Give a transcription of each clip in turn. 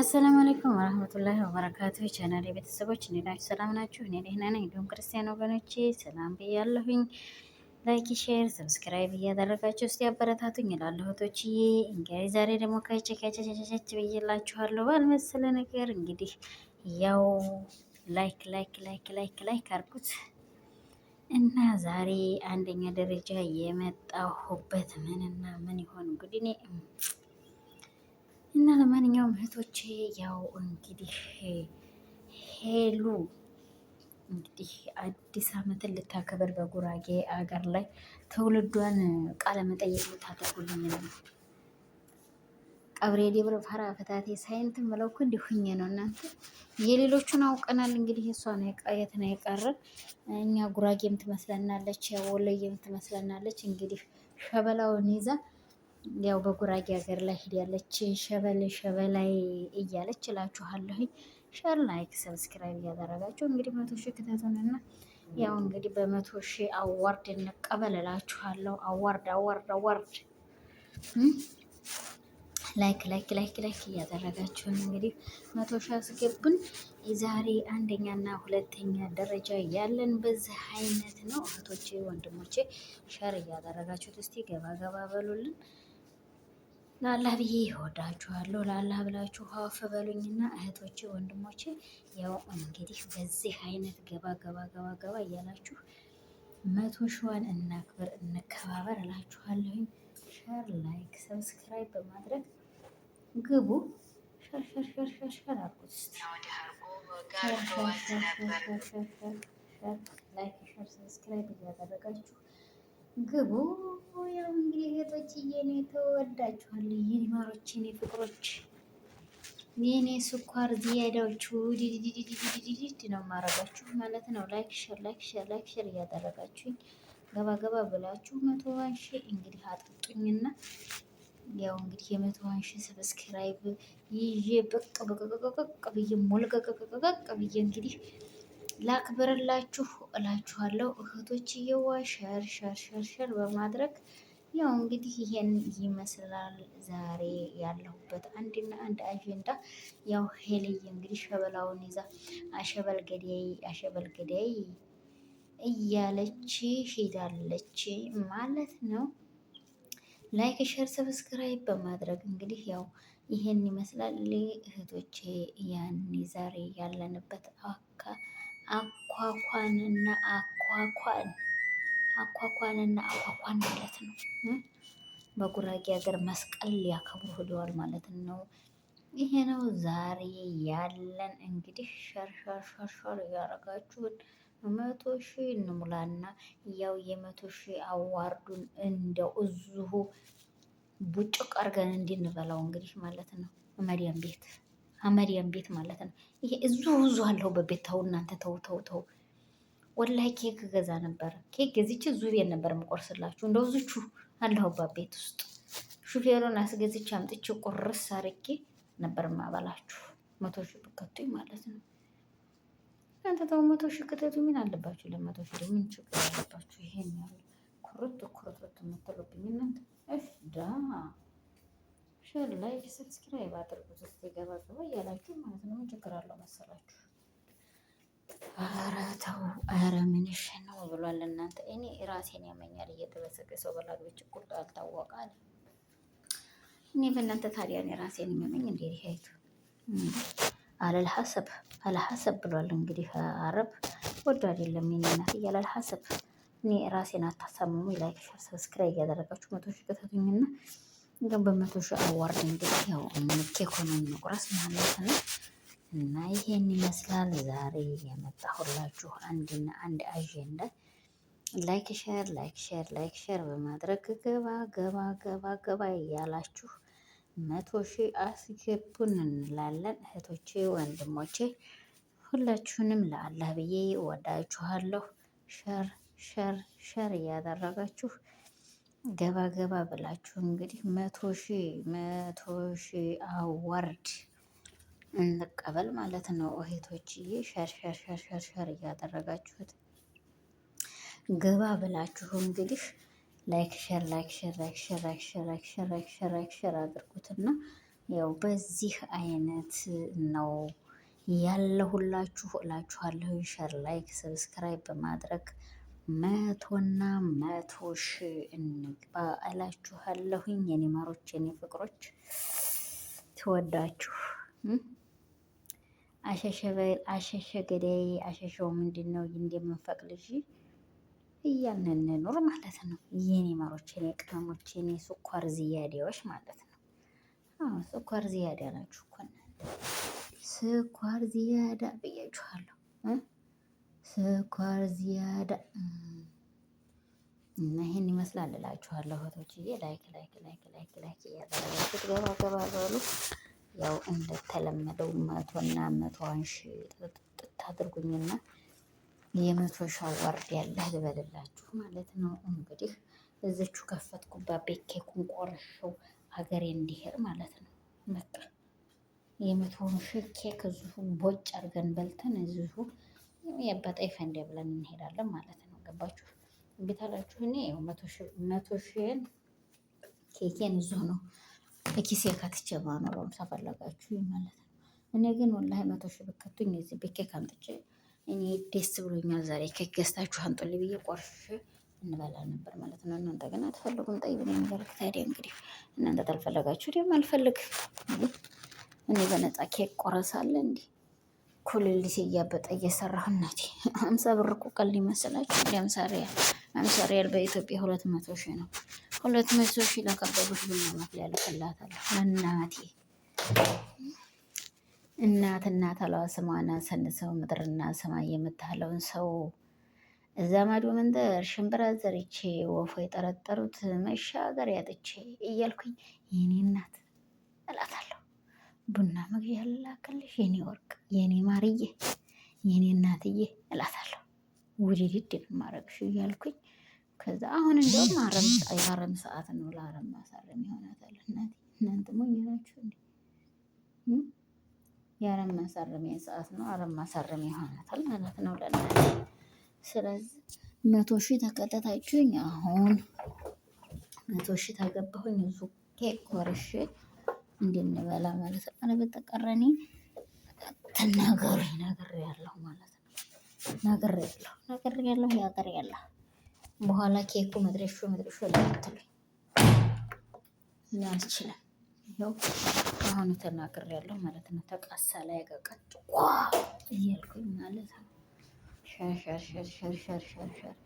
አሰላሙ አለይኩም ወረህመቱላሂ ወበረካቱ ቻናል ቤተሰቦች እንዴት ናችሁ? ሰላም ናችሁ? እኔ ደህና ነኝ። እንዲሁም ክርስቲያን ወገኖቼ ሰላም ብያለሁኝ። ላይክ፣ ሼር፣ ሰብስክራይብ እያደረጋችሁ እስቲ አበረታቱኝ እላለሁ። እህቶችዬ እንግዲህ ዛሬ ደግሞ ከጨከጨጨጨች ብዬላችኋለሁ ባልመሰለ ነገር እንግዲህ ያው ላይክ ላይክ ላይክ ላይክ ላይክ አድርጉት እና ዛሬ አንደኛ ደረጃ የመጣሁበት ምንና ምን ይሆን እንግዲህ እና ለማንኛውም እህቶቼ ያው እንግዲህ ሄሉ እንግዲህ አዲስ ዓመትን ልታከብር በጉራጌ አገር ላይ ትውልዷን ቃለ መጠየቅ ልታደርጉልኝ ነው። ቀብሬ ደብረ ፈራ ፈታቴ ሳይንት ምለው እንዲሁኝ ነው። እናንተ የሌሎቹን አውቀናል። እንግዲህ እሷን የት ነው የቀረ? እኛ ጉራጌም ትመስለናለች፣ ወሎዬም ትመስለናለች። እንግዲህ ሸበላውን ይዛ ያው በጉራጌ ሀገር ላይ ያለች ሸበል ሸበላይ እያለች ላችኋለሁ ሸር ላይክ ሰብስክራይብ እያደረጋችሁ እንግዲህ መቶ ሺህ ክተቱንና ያው እንግዲህ በመቶ ሺህ አዋርድ እንቀበል እላችኋለሁ። አዋርድ አዋርድ አዋርድ ላይክ ላይክ ላይክ ላይክ እያደረጋችሁን እንግዲህ መቶ ሺህ አስገቡን። የዛሬ አንደኛና ሁለተኛ ደረጃ ያለን በዚህ አይነት ነው እህቶቼ ወንድሞቼ፣ ሸር እያደረጋችሁት እስቲ ገባ ገባ በሉልን። ላላህ ብዬ ይወዳችኋለሁ። ላላህ ብላችሁ ሀፍ በሉኝና እህቶቼ ወንድሞቼ፣ ያው እንግዲህ በዚህ አይነት ገባ ገባ ገባ ገባ እያላችሁ መቶ ሺዋን እናክብር እንከባበር እላችኋለሁኝ። ሸር፣ ላይክ፣ ሰብስክራይብ በማድረግ ግቡ። ሸር ሸር ሸር ሸር ሸር አድርጉት። ሸር ሸር ሸር ሸር ሸር ላይክ፣ ሸር፣ ሰብስክራይብ እያደረጋችሁ ግቡ። ያው እንግዲህ እህቶችዬ እየኔ ተወዳችኋል። የኔ ማሮች፣ የኔ ፍቅሮች፣ የኔ ስኳር ዝያዳዎቹ ዲዲዲዲዲዲዲዲ ነው ማረጋችሁ ማለት ነው። ላይክ ሸር፣ ላይክ ሸር፣ ላይክ ሸር እያደረጋችሁኝ ገባ ገባ ብላችሁ መቶ ዋንሺ እንግዲህ አጥጡኝና ያው እንግዲህ የመቶ ዋንሺ ሰብስክራይብ ይዤ ብቅ ብቅ ብቅ ብቅ ብዬ ሞልቀቅቅቅቅ ብዬ እንግዲህ ላክብርላችሁ እላችኋለሁ እህቶችዬዋ። ሸር ሸር ሸር ሸር በማድረግ ያው እንግዲህ ይሄን ይመስላል ዛሬ ያለሁበት አንድና አንድ አጀንዳ። ያው ሄልይ እንግዲህ ሸበላውን ይዛ አሸበል ገዳይ አሸበል ገዳይ እያለች ሂዳለች ማለት ነው። ላይክ ሸር ሰብስክራይብ በማድረግ እንግዲህ ያው ይሄን ይመስላል እህቶቼ። ያን ዛሬ ያለንበት አካ አኳኳንና አኳኳን አኳኳንና አኳኳን ማለት ነው። በጉራጌ ሀገር መስቀል ሊያከብሩ ሂደዋል ማለት ነው። ይሄ ነው ዛሬ ያለን እንግዲህ ሸርሸርሸርሸር እያረጋችሁን መቶ ሺ እንሙላና ያው የመቶ ሺ አዋርዱን እንደው እዙሁ ቡጭቅ አድርገን እንድንበላው እንግዲህ ማለት ነው። መዲያም ቤት አመሪያም ቤት ማለት ነው። ይሄ እዙ ብዙ አለው በቤት ተው እናንተ ተው ተው ተው። ወላይ ኬክ ገዛ ነበር ኬክ ገዝቼ እዙ ቤት ነበር የምቆርስላችሁ። እንደ እዙቹ አለሁባት ቤት ውስጥ ሹፌሩን አስገዝቼ አምጥቼ ቁርስ አርጌ ነበር ማበላችሁ። መቶ ሺህ ብከቱኝ ማለት ነው። እናንተ ተው መቶ ሺህ ክተቱ ምን አለባችሁ? ለመቶ ሺህ ደግሞ ምን ችግር አለባችሁ? ይሄን ያሉ ኩርት ኩርት የምትሉብኝ እናንተ እዳ ሼር ላይክ ሰብስክራይብ አድርጉት እስኪ ገባ ገባ እያላችሁ ማለት ነው። ምን ችግር አለው መሰላችሁ? ኧረ ተው፣ ኧረ ምንሽ ነው ብሏል። እናንተ እኔ ራሴን ያመኛል እየተበሰቀ ሰው በላዶች ቁርጡ ያልታወቃል። እኔ በእናንተ ታዲያ እኔ ራሴን የሚያመኝ እንዴ ይሄቱ አለልሐሰብ አለሐሰብ ብሏል። እንግዲህ አረብ ወዶ አይደለም የእናት እያለ አለልሐሰብ እኔ ራሴን አታሳምሙ። ላይክ ሸር ሰብስክራይብ እያደረጋችሁ መቶ ሺህ ከተቱኝና እንደውም በመቶ ሺህ አዋርድ እንግዲህ ያው ኬኮንን መቁረስ ማለት ነው። እና ይሄን ይመስላል ዛሬ የመጣሁላችሁ አንድና አንድ አጀንዳ ላይክ ሼር ላይክ ሼር ላይክ ሼር በማድረግ ገባ ገባ ገባ ገባ እያላችሁ መቶ ሺህ አስገቡን እንላለን። እህቶቼ ወንድሞቼ፣ ሁላችሁንም ለአላህ ብዬ ወዳችኋለሁ። ሸር ሸር ሸር እያደረጋችሁ ገባ ገባ ብላችሁ እንግዲህ መቶ ሺህ መቶ ሺህ አዋርድ እንቀበል ማለት ነው እህቶችዬ። ሸር ሸር ሸር ሸር ሸር እያደረጋችሁት ገባ ብላችሁ እንግዲህ ላይክ ሸር ላይክ ሸር ላይክ ሸር ላይክ ሸር ላይክ ሸር ላይክ ሸር ላይክ ሸር አድርጉትና ያው በዚህ አይነት ነው ያለሁላችሁ እላችኋለሁ። ሸር ላይክ ሰብስክራይብ በማድረግ መቶና መቶ ሺ እንግባ እላችኋለሁኝ። የኔ ማሮች፣ የኔ ፍቅሮች ትወዳችሁ አሸሸበል በል አሸሸ ገዳይ አሸሸው ምንድን ነው እንደምንፈቅ ልጅ እያልን እንኑር ማለት ነው። የኔ ማሮች፣ የኔ ቅመሞች፣ የኔ ስኳር ዝያዴዎች ማለት ነው። ስኳር ዝያዳ ናችሁ እኮ እናንተ ስኳር ዝያዳ ብያችኋለሁ። ስኳር ዚያዳ እና ይሄን ይመስላል እላችኋለሁ እህቶችዬ። ላይክ ላይክ ላይክ ላይክ ላይክ እያደረጋችሁት ገባ ገባ በሉ። ያው እንደተለመደው መቶና መቶዋን ሺ ጥጥጥ አድርጉኝና የመቶ ሺ አዋርድ ልበልላችሁ ማለት ነው። እንግዲህ እዝቹ ከፈትኩባት ቤት ኬኩን ሀገሬ እንዲሄድ ማለት ነው። በቃ የመቶውን ሺ ኬክ እዚሁ ቦጭ አድርገን በልተን እዚሁ የአባጣይ ፈንዴ ብለን እንሄዳለን ማለት ነው። ገባችሁ? እንዴት እኔ ያው መቶ ሺህን ኬኬን እዞ ነው በኪሴ ካትቼ ማኖረውም ተፈለጋችሁ ማለት ነው። እኔ ግን ወላሂ መቶ ሺህ ብከቱኝ እዚህ በኬክ አምጥቼ እኔ ደስ ብሎኛል ዛሬ ኬክ ገዝታችሁ አንጡልኝ ብዬ ቆርሼ እንበላ ነበር ማለት ነው። እናንተ ግን አትፈልጉም። ጠይብ የሚያደርግ ታዲያ እንግዲህ እናንተ ታልፈለጋችሁ ደግሞ አልፈልግ እኔ በነፃ ኬክ ቆረሳለ እንዲህ ኩልልት እያበጠ እየሰራሁ እናቴ አምሳ ብር እኮ ቀል ይመስላችሁ? አምሳ ሪያል በኢትዮጵያ ሁለት መቶ ሺ ነው። ሁለት መቶ ሺ ለከበዱሽ ቡና መፍሊያ ልክላታለሁ እናቴ። እናት እናት አለዋ ስሟን ሰንሰው ምድርና ሰማይ የምታህለውን ሰው እዛ ማዶ መንደር ሽምብራ ዘርቼ ወፎ የጠረጠሩት መሻገር ያጥቼ እያልኩኝ የኔ እናት እላታለሁ። ቡና መግዣ ልላክልሽ የኔ ወርቅ፣ የኔ ማርዬ፣ የኔ እናትዬ እላታለሁ። ውድድድ የማረግሽ እያልኩኝ ከዛ አሁን እንደውም የአረም ሰዓት ነው። ለአረም ማሳረም ይሆናታል። እናት እናንተ ሞኝ ናችሁ የአረም ማሳረሚያ ሰዓት ነው። አረም ማሳረሚያ ይሆናታል ማለት ነው ለእናት። ስለዚህ መቶ ሺህ ተቀጠታችሁኝ። አሁን መቶ ሺህ ተገባሁኝ ብዙ ኬክ ቆርሼ እንድንበላ ማለት ነው። አረ በተቀረኒ ተናገሪ ነገር ያለው ማለት ነው። ነገር ያለው ነገር ያለው ያገር ያለው በኋላ ኬኩ መድረሹ መድረሹ ላትሉኝ አልችልም። ይኸው አሁኑ ተናገር ያለው ማለት ነው። ተቃሳ ላይ ቀቀጥ እያልኩኝ ማለት ነው። ሸርሸርሸርሸርሸርሸር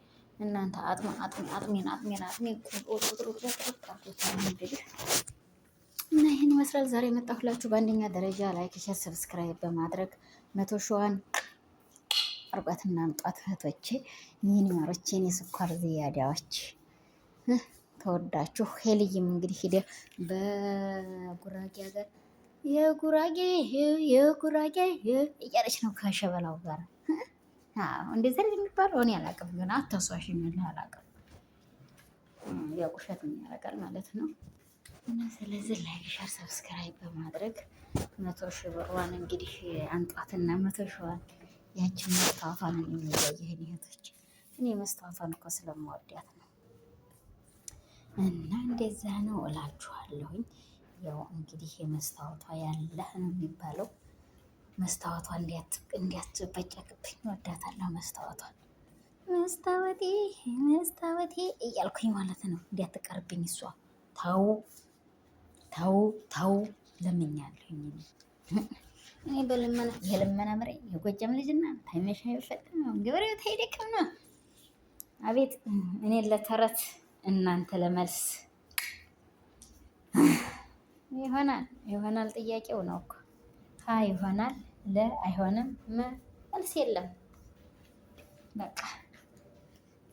እናንተ አጥሜን አጥሜን አጥሜን አጥሜን ቁጥሩ ቁጥሩ ቁጥሩ ቁጥሩ እና ይህን ይመስላል ዛሬ የመጣሁላችሁ። በአንደኛ ደረጃ ላይክ፣ ሸር፣ ሰብስክራይብ በማድረግ መቶ ሸዋን አርባትና ምጧት እህቶቼ፣ ይህን ማሮቼ፣ እኔ ዝያዳዎች ተወዳችሁ። ሄልይም እንግዲህ ሂደ በጉራጌ ሀገር የጉራጌ የጉራጌ እያለች ነው ከሸበላው ጋር እንደዚ የሚባለው እኔ አላውቅም፣ ግን አታሷሽ የሚል አላውቅም። ያው ውሸት የሚያደርጋል ማለት ነው። እና ስለዚህ ላይክ፣ ሸር፣ ሰብስክራይብ በማድረግ መቶ ሺህ ብሯን እንግዲህ አንጧትና መቶ ሺዋን ያችን መስታወቷን የሚያየህን ይህቶች እኔ መስታወቷን እኮ ስለማወዳት ነው። እና እንደዛ ነው እላችኋለሁኝ። ያው እንግዲህ የመስታወቷ ያለህ ነው የሚባለው። መስታወቷ እንዲያትበጨቅብኝ ወዳታለሁ። መስታወቷን መስታወቴ መስታወቴ እያልኩኝ ማለት ነው። እንዲያትቀርብኝ እሷ ታው ተው ተው ለምኛለሁ። እኔ በልመና የልመና ምሬ የጎጃም ልጅና ታይመሽ አይፈጥ ነው ግብሬው ታይደክም ነው። አቤት እኔ ለተረት እናንተ ለመልስ ይሆናል ይሆናል ጥያቄው ነው እኮ ሀ ይሆናል ለ አይሆንም መልስ የለም። በቃ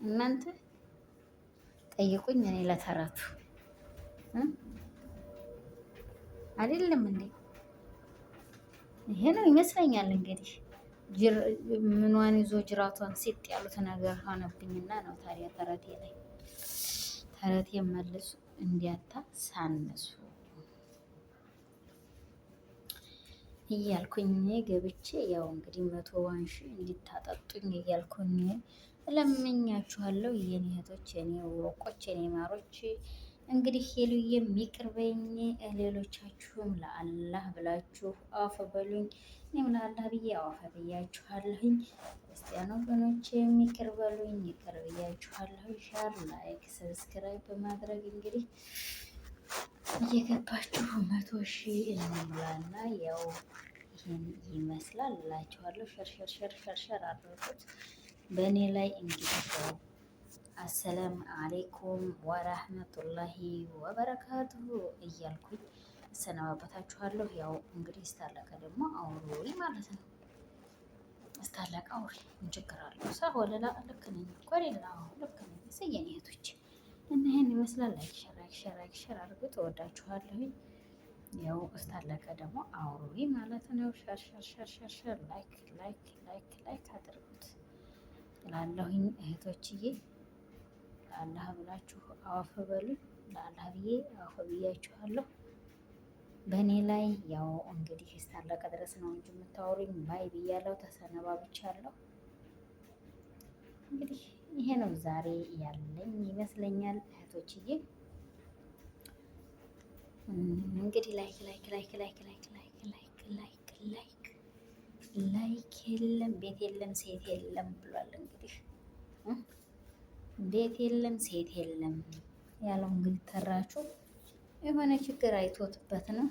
እናንተ ጠይቁኝ እኔ ለተረቱ አይደለም እንዴ? ይሄ ነው ይመስለኛል። እንግዲህ ምኗን ይዞ ጅራቷን ሲጥ ያሉት ነገር ሆነብኝና ነው ታዲያ ተረቴ ላይ ተረቴ መልሱ እንዲያታ ሳነሱ እያልኩኝ ገብቼ ያው እንግዲህ መቶ ዋንሺ እንዲታጠጡኝ እያልኩኝ እለምኛችኋለሁ የኔ እህቶች፣ የኔ ወርቆች፣ የኔ ማሮች እንግዲህ ሄሉ ይቅር በይኝ፣ ሌሎቻችሁም ለአላህ ብላችሁ አፈ በሉኝ። እኔም ለአላህ ብዬ አዋፈ ብያችኋለሁኝ። ክርስቲያኑ ወገኖቼም ይቅር በሉኝ፣ ይቅር ብያችኋለሁ። ሻር፣ ላይክ፣ ሰብስክራይብ በማድረግ እንግዲህ እየገባችሁ መቶ ሺህ እንሙላና ያው ይህን ይመስላል እላችኋለሁ። ሸርሸርሸርሸርሸር አድርጉት በእኔ ላይ እንግዲህ አሰላም አሌይኩም ወረህመቱላሂ ወበረካቱሁ እያልኩኝ እሰነባበታችኋለሁ። ያው እንግዲህ እስታለቀ ደግሞ አውሪ ማለት ነው። እስታለቀ አውሪ እንችግራለሁ። ሳሆለላ ልክ ነኝ እኮ ሌላ ልክ ነኝ ስየኔ እህቶች እና ይህን ይመስላል። ላይክ ሸር ላይክ ሸር ላይክ ሸር አድርጉ። እወዳችኋለሁኝ። ያው እስታለቀ ደግሞ አውሪ ማለት ነው። ሸር ሸር ሸር ሸር ሸር ላይክ ላይክ ላይክ ላይክ አድርጉት እላለሁኝ እህቶችዬ። ለአላህ ብላችሁ አወፍ በሉ። ለአላህ ብዬ አወፍ ብያችኋለሁ። በእኔ ላይ ያው እንግዲህ እስካለቀ ድረስ ነው እንጂ የምታወሩኝ ባይ ብያለሁ። ተሰነባብቻለሁ። እንግዲህ ይሄ ነው ዛሬ ያለኝ ይመስለኛል እህቶችዬ። እንግዲህ ላይክ ላይክ ላይክ ላይክ ላይክ ላይክ ላይክ ላይክ ላይክ ላይክ የለም ቤት የለም ሴት የለም ብሏል እንግዲህ ቤት የለም ሴት የለም ያለው እንግዲህ ተራችሁ የሆነ ችግር አይቶትበት ነው።